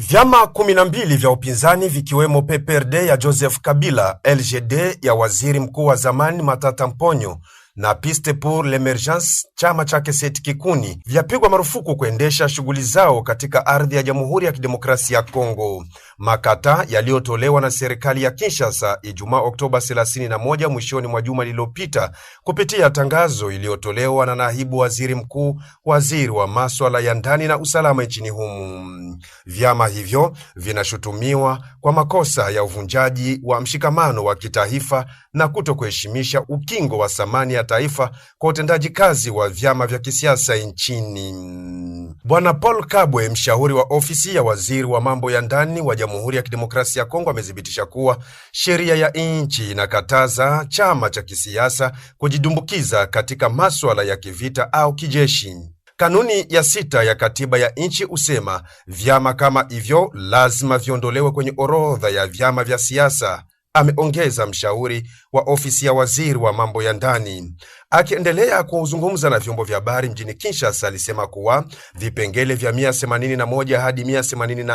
Vyama kumi na mbili vya upinzani vikiwemo PPRD ya Joseph Kabila, LGD ya waziri mkuu wa zamani Matata Mponyo na Piste pour l'Emergence, chama chake set Kikuni, vyapigwa marufuku kuendesha shughuli zao katika ardhi ya Jamhuri ya Kidemokrasia ya Kongo. Makata yaliyotolewa na serikali ya Kinshasa Ijumaa Oktoba 31 mwishoni mwa juma lililopita, kupitia tangazo iliyotolewa na naibu waziri mkuu, waziri wa maswala ya ndani na usalama nchini humu. Vyama hivyo vinashutumiwa kwa makosa ya uvunjaji wa mshikamano wa kitaifa na kutokuheshimisha kuheshimisha ukingo wa samani ya taifa kwa utendaji kazi wa vyama vya kisiasa nchini. Bwana Paul Kabwe, mshauri wa ofisi ya waziri wa mambo ya ndani wa Jamhuri ya Kidemokrasia ya Kongo, amethibitisha kuwa sheria ya nchi inakataza chama cha kisiasa kujidumbukiza katika maswala ya kivita au kijeshi. Kanuni ya sita ya katiba ya nchi husema vyama kama hivyo lazima viondolewe kwenye orodha ya vyama vya siasa ameongeza mshauri wa ofisi ya waziri wa mambo ya ndani. Akiendelea kuzungumza na vyombo vya habari mjini Kinshasa, alisema kuwa vipengele vya mia hadi mia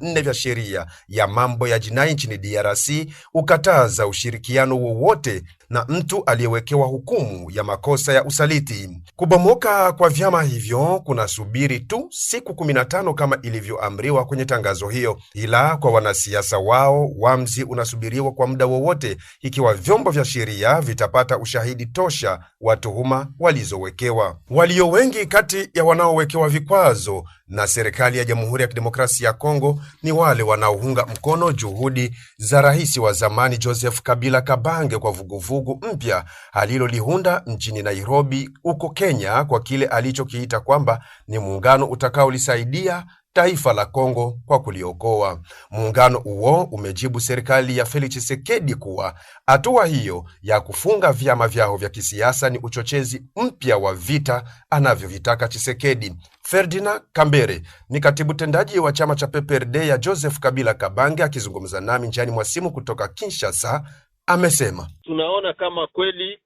nne vya sheria ya mambo ya jinai nchini DRC hukataza ushirikiano wowote na mtu aliyewekewa hukumu ya makosa ya usaliti. Kubomoka kwa vyama hivyo kunasubiri tu siku 15 tano kama ilivyoamriwa kwenye tangazo hiyo, ila kwa wanasiasa wao wamzi unasubiriwa kwa muda wowote ikiwa vyombo vya sheria vitapata ushahidi tosha watu tuhuma walizowekewa. Walio wengi kati ya wanaowekewa vikwazo na serikali ya Jamhuri ya Kidemokrasia ya Kongo ni wale wanaounga mkono juhudi za rais wa zamani Joseph Kabila Kabange kwa vuguvugu mpya aliloliunda mjini Nairobi huko Kenya, kwa kile alichokiita kwamba ni muungano utakaolisaidia taifa la Kongo kwa kuliokoa. Muungano huo umejibu serikali ya Felix Tshisekedi kuwa hatua hiyo ya kufunga vyama vyao vya kisiasa ni uchochezi mpya wa vita anavyovitaka Tshisekedi. Ferdinand Kambere ni katibu tendaji wa chama cha PPRD ya Joseph Kabila Kabange, akizungumza nami njiani mwa simu kutoka Kinshasa, amesema tunaona kama kweli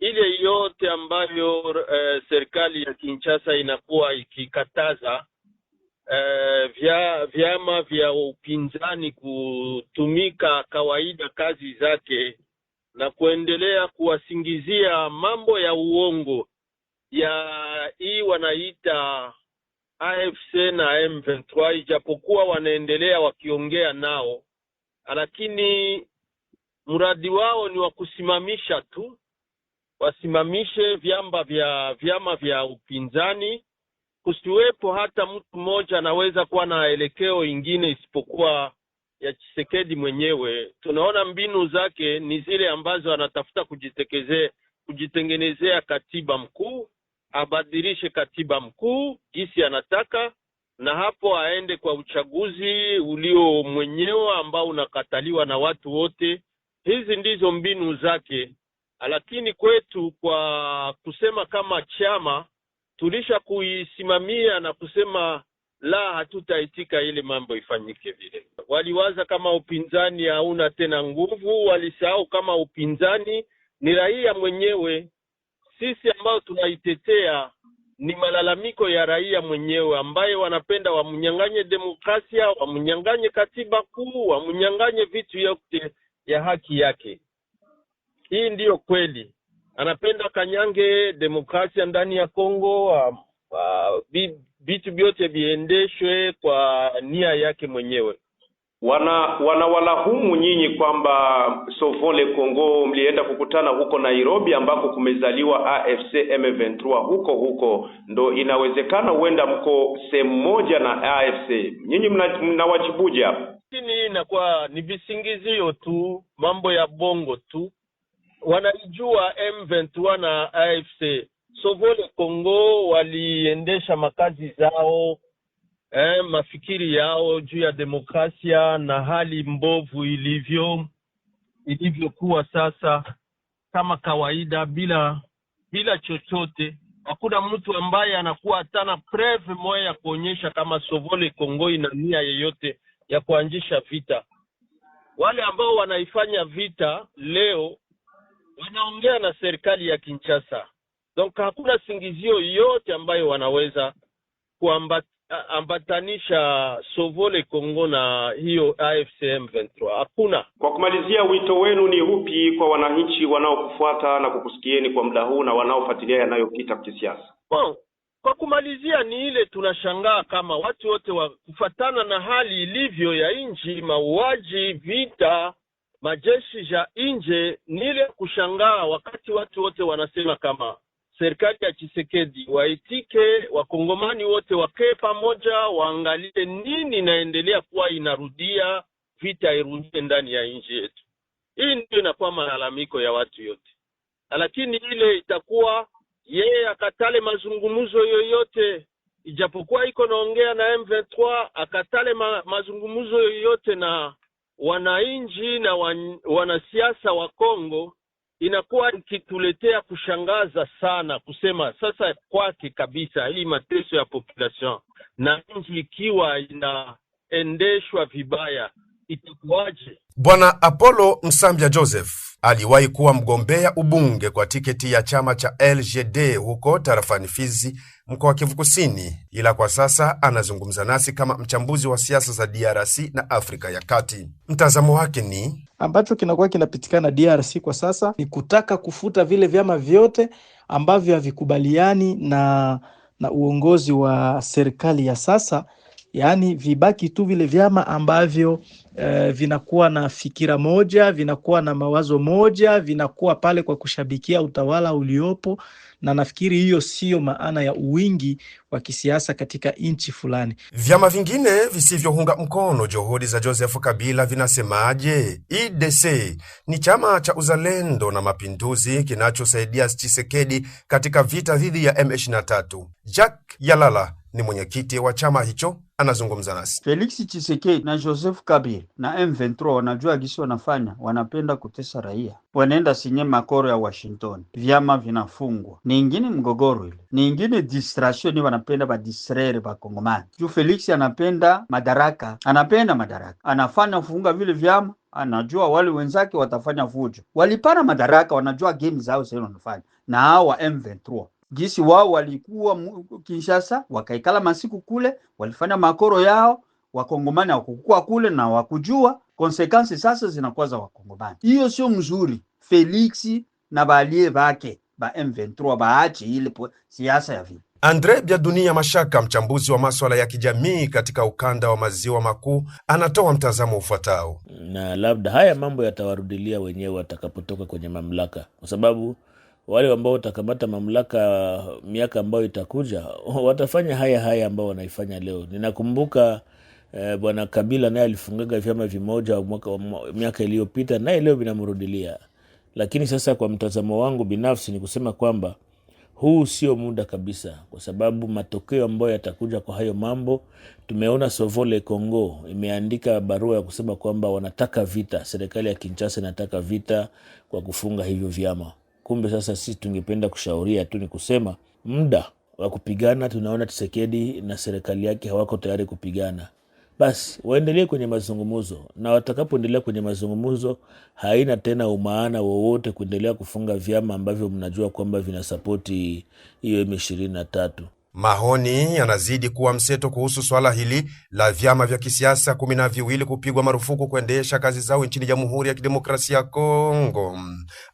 ile yote ambayo eh, serikali ya Kinshasa inakuwa ikikataza eh, vyama vya upinzani kutumika kawaida kazi zake na kuendelea kuwasingizia mambo ya uongo ya hii wanaita AFC na M23, ijapokuwa wanaendelea wakiongea nao, lakini mradi wao ni wa kusimamisha tu, wasimamishe vyama vya vyama vya upinzani kusiwepo hata mtu mmoja anaweza kuwa na elekeo ingine isipokuwa ya Chisekedi mwenyewe. Tunaona mbinu zake ni zile ambazo anatafuta kujitekezea kujitengenezea katiba mkuu, abadilishe katiba mkuu jinsi anataka, na hapo aende kwa uchaguzi ulio mwenyewe ambao unakataliwa na watu wote. Hizi ndizo mbinu zake, lakini kwetu kwa kusema kama chama tulisha kuisimamia na kusema la, hatutaitika ili mambo ifanyike vile. Waliwaza kama upinzani hauna tena nguvu, walisahau kama upinzani ni raia mwenyewe. Sisi ambao tunaitetea ni malalamiko ya raia mwenyewe ambaye wanapenda wamnyang'anye demokrasia, wamnyang'anye katiba kuu, wamnyang'anye vitu yote ya haki yake. Hii ndiyo kweli anapenda kanyange demokrasia ndani ya Kongo, uh, uh, vitu vyote viendeshwe kwa nia yake mwenyewe. Wana wanawalahumu nyinyi kwamba Sovole congo mlienda kukutana huko Nairobi ambako kumezaliwa AFC M23, huko huko ndo inawezekana huenda mko sehemu moja na AFC. Nyinyi mnawajibuje mna Lakini inakuwa ni visingizio tu, mambo ya bongo tu wanaijua M23 na AFC Sovole Congo waliendesha makazi zao eh, mafikiri yao juu ya demokrasia na hali mbovu ilivyo ilivyokuwa sasa, kama kawaida, bila bila chochote. Hakuna mtu ambaye anakuwa hatana preve moya ya kuonyesha kama Sovole Congo ina nia yeyote ya kuanzisha vita. Wale ambao wanaifanya vita leo wanaongea na serikali ya Kinshasa. Donc hakuna singizio yote ambayo wanaweza kuambatanisha Sovole Kongo na hiyo AFCM 23 hakuna. Kwa kumalizia, wito wenu ni upi kwa wananchi wanaokufuata na kukusikieni kwa muda huu na wanaofuatilia yanayopita kisiasa? Bon, kwa kumalizia ni ile tunashangaa kama watu wote wa kufatana na hali ilivyo ya nchi, mauaji, vita majeshi ya nje, nile kushangaa wakati watu wote wanasema kama serikali ya Chisekedi waitike, wakongomani wote wakee pamoja, waangalie nini inaendelea kuwa inarudia, vita irudie ndani ya nchi yetu. Hii ndio inakuwa malalamiko ya watu yote, lakini ile itakuwa yeye akatale mazungumzo yoyote, ijapokuwa iko naongea na M23 akatale ma, mazungumzo yoyote na wananchi na wan, wanasiasa wa Kongo inakuwa ikituletea kushangaza sana, kusema sasa kwake kabisa hii mateso ya population na nchi ikiwa inaendeshwa vibaya itakuwaje? Bwana Apollo Msambia Joseph aliwahi kuwa mgombea ubunge kwa tiketi ya chama cha LGD huko tarafani Fizi, mkoa wa Kivu Kusini, ila kwa sasa anazungumza nasi kama mchambuzi wa siasa za DRC na Afrika ya Kati. Mtazamo wake ni ambacho kinakuwa kinapitikana DRC kwa sasa ni kutaka kufuta vile vyama vyote ambavyo havikubaliani na, na uongozi wa serikali ya sasa, yaani vibaki tu vile vyama ambavyo Eh, vinakuwa na fikira moja, vinakuwa na mawazo moja, vinakuwa pale kwa kushabikia utawala uliopo, na nafikiri hiyo siyo maana ya uwingi wa kisiasa katika nchi fulani. Vyama vingine visivyounga mkono juhudi za Joseph Kabila vinasemaje? IDC ni chama cha uzalendo na mapinduzi kinachosaidia Tshisekedi katika vita dhidi ya M23. Jack Yalala ni mwenyekiti wa chama hicho anazungumza nasi. Felix chisekedi na Joseph Kabila na M23 wanajua gisi wanafanya, wanapenda kutesa raia, wanaenda sinye makoro ya Washington, vyama vinafungwa. Ni ingine mgogoro ile, ni ingine distraction, wanapenda badistraire bakongomani juu Felix anapenda madaraka, anapenda madaraka, anafanya kufunga vile vyama anajua wale wenzake watafanya fujo, walipana madaraka, wanajua game zao sasa wanafanya na hao wa M23 jisi wao walikuwa Kinshasa, wakaikala masiku kule, walifanya makoro yao, wakongomani wakukua kule na wakujua konsekansi sasa zinakuwa za wakongomani. Hiyo sio mzuri. Felix na balie bake ba M23 baache ile siasa ya vita. Andre Dunia Mashaka, mchambuzi wa maswala ya kijamii katika ukanda wa maziwa makuu, anatoa mtazamo ufuatao. Na labda haya mambo yatawarudilia wenyewe watakapotoka kwenye mamlaka, kwa sababu wale ambao watakamata mamlaka miaka ambayo itakuja watafanya haya haya ambao wanaifanya leo. Ninakumbuka eh, bwana Kabila naye alifungaga vyama vimoja mwaka, miaka iliyopita naye leo vinamrudilia. Lakini sasa kwa mtazamo wangu binafsi ni kusema kwamba huu sio muda kabisa, kwa sababu matokeo ambayo yatakuja kwa hayo mambo, tumeona Sovole Congo imeandika barua ya kusema kwamba wanataka vita, serikali ya Kinshasa inataka vita kwa kufunga hivyo vyama. Kumbe sasa sisi tungependa kushauria tu ni kusema muda wa kupigana, tunaona Tshisekedi na serikali yake hawako tayari kupigana, basi waendelee kwenye mazungumzo, na watakapoendelea kwenye mazungumzo, haina tena umaana wowote kuendelea kufunga vyama ambavyo mnajua kwamba vinasapoti hiyo M ishirini na tatu. Maoni yanazidi kuwa mseto kuhusu swala hili la vyama vya kisiasa kumi na viwili kupigwa marufuku kuendesha kazi zao nchini Jamhuri ya Kidemokrasia ya Kongo.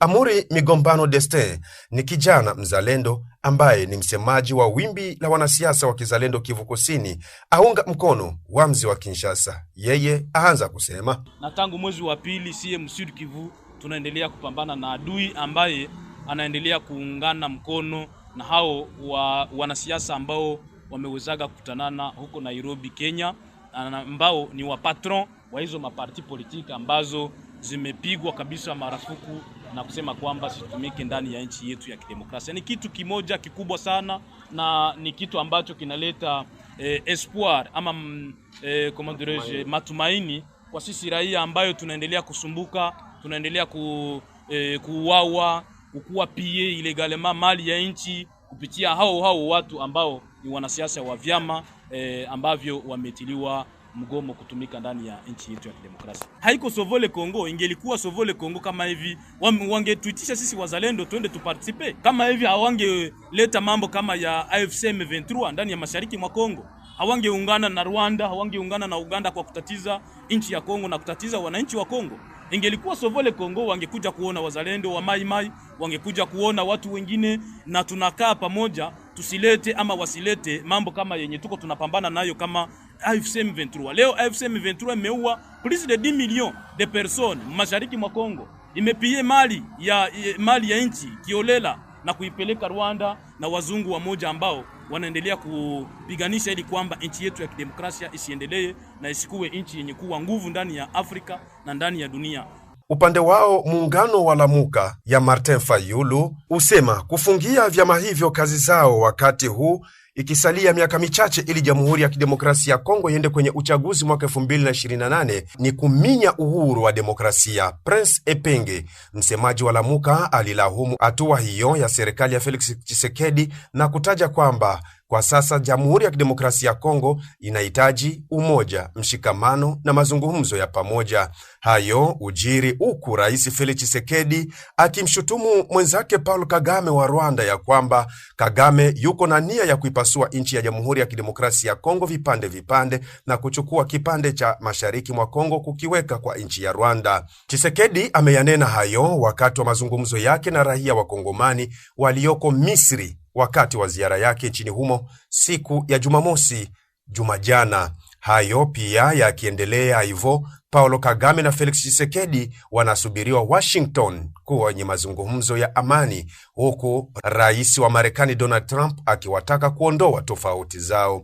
Amuri Migombano Destin ni kijana mzalendo ambaye ni msemaji wa wimbi la wanasiasa wa kizalendo Kivu Kusini, aunga mkono wa mzi wa Kinshasa. Yeye aanza kusema, na tangu mwezi wa pili siye msidu Kivu tunaendelea kupambana na adui ambaye anaendelea kuungana mkono na hao wa, wanasiasa ambao wamewezaga kukutanana huko Nairobi, Kenya, ambao ni wapatron wa hizo maparti politika ambazo zimepigwa kabisa marufuku na kusema kwamba situmike ndani ya nchi yetu ya kidemokrasia. Ni kitu kimoja kikubwa sana na ni kitu ambacho kinaleta eh, espoir ama mm, eh, matumaini. matumaini kwa sisi raia ambayo tunaendelea kusumbuka, tunaendelea ku, eh, kuuawa kukuwa pie ilegalema mali ya nchi kupitia hao hao watu ambao ni wanasiasa wa vyama e, ambavyo wametiliwa mgomo kutumika ndani ya nchi yetu ya kidemokrasia. Haiko sovole Kongo, ingelikuwa sovole Kongo kama hivi wangetuitisha sisi wazalendo twende tupartisipe kama hivi, hawangeleta mambo kama ya AFC M23 ndani ya mashariki mwa Kongo, hawangeungana na Rwanda, hawangeungana na Uganda kwa kutatiza nchi ya Kongo na kutatiza wananchi wa Kongo. Ingelikuwa Sovole Kongo, wangekuja kuona wazalendo wa Mai Mai, wangekuja kuona watu wengine, na tunakaa pamoja, tusilete ama wasilete mambo kama yenye tuko tunapambana nayo kama AFC M23. Leo AFC M23 imeua plus de 10 millions de personnes mashariki mwa Kongo, imepie mali ya, mali ya nchi kiolela na kuipeleka Rwanda na wazungu wa moja ambao wanaendelea kupiganisha ili kwamba nchi yetu ya kidemokrasia isiendelee na isikuwe nchi yenye kuwa nguvu ndani ya Afrika na ndani ya dunia. Upande wao muungano wa Lamuka ya Martin Fayulu usema kufungia vyama hivyo kazi zao wakati huu Ikisalia miaka michache ili Jamhuri ya Kidemokrasia ya Kongo iende kwenye uchaguzi mwaka 2028 ni kuminya uhuru wa demokrasia. Prince Epenge, msemaji wa Lamuka, alilahumu hatua hiyo ya serikali ya Felix Tshisekedi na kutaja kwamba kwa sasa Jamhuri ya Kidemokrasia ya Kongo inahitaji umoja, mshikamano na mazungumzo ya pamoja. Hayo ujiri huku Rais Felix Tshisekedi akimshutumu mwenzake Paul Kagame wa Rwanda ya kwamba Kagame yuko na nia ya kuipasua nchi ya Jamhuri ya Kidemokrasia ya Kongo vipande vipande na kuchukua kipande cha mashariki mwa Kongo kukiweka kwa nchi ya Rwanda. Tshisekedi ameyanena hayo wakati wa mazungumzo yake na raia wa Kongomani walioko Misri wakati wa ziara yake nchini humo siku ya Jumamosi juma jana. Hayo pia yakiendelea hivyo, Paulo Kagame na Felix Tshisekedi wanasubiriwa Washington kwenye mazungumzo ya amani, huku rais wa Marekani Donald Trump akiwataka kuondoa tofauti zao.